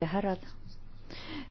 ja härrad